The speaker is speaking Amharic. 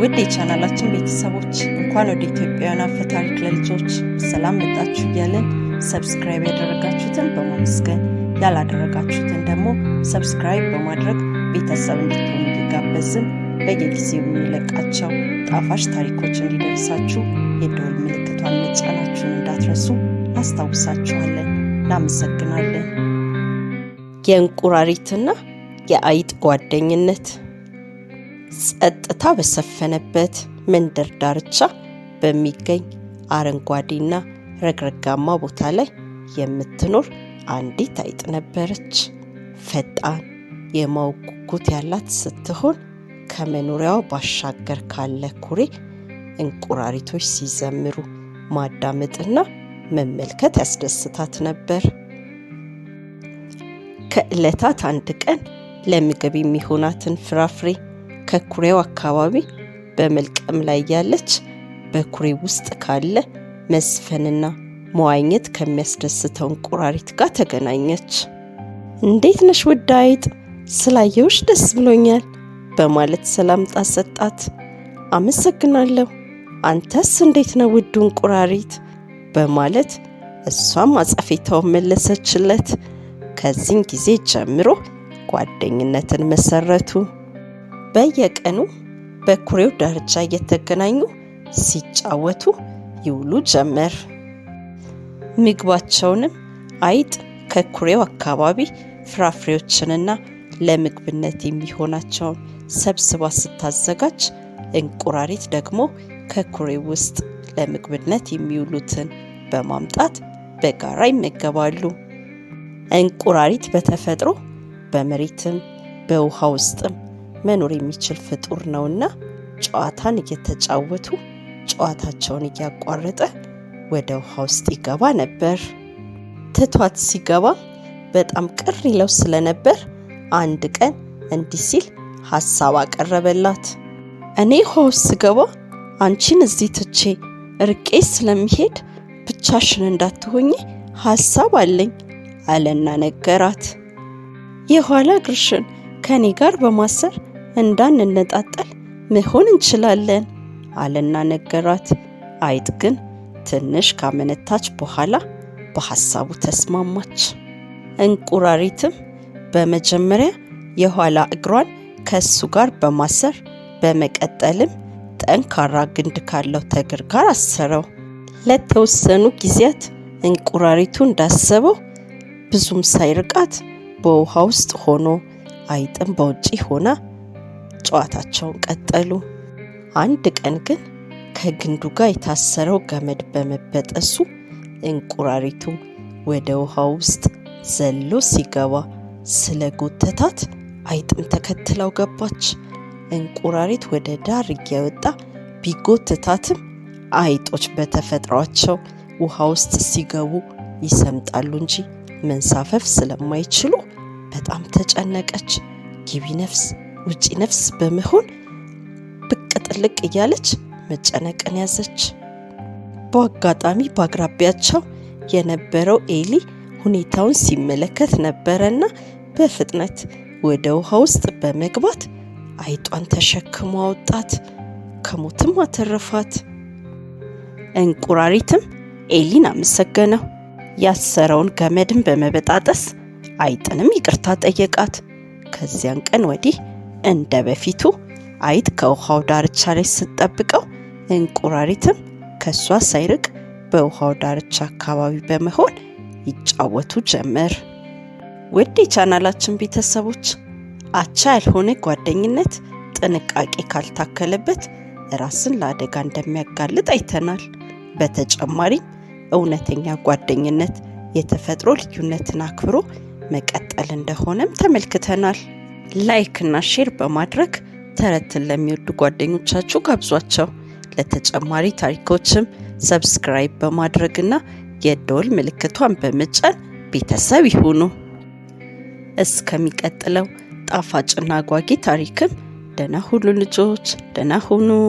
ውድ የቻናላችን ቤተሰቦች እንኳን ወደ ኢትዮጵያውያን አፈ ታሪክ ለልጆች ሰላም መጣችሁ እያለን ሰብስክራይብ ያደረጋችሁትን በማመስገን ያላደረጋችሁትን ደግሞ ሰብስክራይብ በማድረግ ቤተሰብ እንድትሆኑ እንዲጋበዝን በየጊዜው የሚለቃቸው ጣፋጭ ታሪኮች እንዲደርሳችሁ የደወል ምልክቷን መጫናችሁን እንዳትረሱ አስታውሳችኋለን። እናመሰግናለን። የእንቁራሪትና የአይጥ ጓደኝነት ጸጥታ በሰፈነበት መንደር ዳርቻ በሚገኝ አረንጓዴና ረግረጋማ ቦታ ላይ የምትኖር አንዲት አይጥ ነበረች። ፈጣን የማወቅ ጉጉት ያላት ስትሆን ከመኖሪያዋ ባሻገር ካለ ኩሬ እንቁራሪቶች ሲዘምሩ ማዳመጥና መመልከት ያስደስታት ነበር። ከዕለታት አንድ ቀን ለምግብ የሚሆናትን ፍራፍሬ ከኩሬው አካባቢ በመልቀም ላይ ያለች በኩሬ ውስጥ ካለ መዝፈንና መዋኘት ከሚያስደስተው እንቁራሪት ጋር ተገናኘች። እንዴት ነሽ ውድ አይጥ፣ ስላየውሽ ደስ ብሎኛል በማለት ሰላምታ ሰጣት። አመሰግናለሁ፣ አንተስ እንዴት ነው ውዱ እንቁራሪት በማለት እሷም አጸፌታውን መለሰችለት። ከዚህን ጊዜ ጀምሮ ጓደኝነትን መሰረቱ። በየቀኑ በኩሬው ዳርቻ እየተገናኙ ሲጫወቱ ይውሉ ጀመር። ምግባቸውንም አይጥ ከኩሬው አካባቢ ፍራፍሬዎችንና ለምግብነት የሚሆናቸውን ሰብስባ ስታዘጋጅ፣ እንቁራሪት ደግሞ ከኩሬው ውስጥ ለምግብነት የሚውሉትን በማምጣት በጋራ ይመገባሉ። እንቁራሪት በተፈጥሮ በመሬትም በውሃ ውስጥም መኖር የሚችል ፍጡር ነውና ጨዋታን እየተጫወቱ ጨዋታቸውን እያቋረጠ ወደ ውሃ ውስጥ ይገባ ነበር። ትቷት ሲገባ በጣም ቅር ይለው ስለነበር አንድ ቀን እንዲህ ሲል ሀሳብ አቀረበላት። እኔ ውሃ ውስጥ ስገባ አንቺን እዚህ ትቼ ርቄ ስለሚሄድ ብቻሽን እንዳትሆኝ ሀሳብ አለኝ አለና ነገራት። የኋላ እግርሽን ከኔ ጋር በማሰር እንዳንነጣጠል መሆን እንችላለን አለና ነገራት። አይጥ ግን ትንሽ ካመነታች በኋላ በሐሳቡ ተስማማች። እንቁራሪትም በመጀመሪያ የኋላ እግሯን ከሱ ጋር በማሰር በመቀጠልም ጠንካራ ግንድ ካለው ተግር ጋር አሰረው። ለተወሰኑ ጊዜያት እንቁራሪቱ እንዳሰበው ብዙም ሳይርቃት በውሃ ውስጥ ሆኖ አይጥም በውጪ ሆና ጨዋታቸውን ቀጠሉ። አንድ ቀን ግን ከግንዱ ጋር የታሰረው ገመድ በመበጠሱ እንቁራሪቱ ወደ ውሃ ውስጥ ዘሎ ሲገባ ስለ ጎተታት አይጥም ተከትለው ገባች። እንቁራሪት ወደ ዳር እየወጣ ቢጎትታትም አይጦች በተፈጥሯቸው ውሃ ውስጥ ሲገቡ ይሰምጣሉ እንጂ መንሳፈፍ ስለማይችሉ በጣም ተጨነቀች። ግቢ ነፍስ ውጪ ነፍስ በመሆን ብቅ ጥልቅ እያለች መጨነቅን ያዘች። በአጋጣሚ በአቅራቢያቸው የነበረው ኤሊ ሁኔታውን ሲመለከት ነበረና በፍጥነት ወደ ውሃ ውስጥ በመግባት አይጧን ተሸክሞ አወጣት፣ ከሞትም አተረፋት። እንቁራሪትም ኤሊን አመሰገነው። ያሰረውን ገመድን በመበጣጠስ አይጥንም ይቅርታ ጠየቃት። ከዚያን ቀን ወዲህ እንደ በፊቱ አይጥ ከውሃው ዳርቻ ላይ ስጠብቀው እንቁራሪትም ከእሷ ሳይርቅ በውሃው ዳርቻ አካባቢ በመሆን ይጫወቱ ጀመር። ውድ የቻናላችን ቤተሰቦች አቻ ያልሆነ ጓደኝነት ጥንቃቄ ካልታከለበት ራስን ለአደጋ እንደሚያጋልጥ አይተናል። በተጨማሪም እውነተኛ ጓደኝነት የተፈጥሮ ልዩነትን አክብሮ መቀጠል እንደሆነም ተመልክተናል። ላይክ እና ሼር በማድረግ ተረትን ለሚወዱ ጓደኞቻችሁ ጋብዟቸው። ለተጨማሪ ታሪኮችም ሰብስክራይብ በማድረግና የደወል ምልክቷን በመጫን ቤተሰብ ይሁኑ። እስከሚቀጥለው ጣፋጭና አጓጊ ታሪክም ደህና ሁሉ ልጆች፣ ደህና ሁኑ።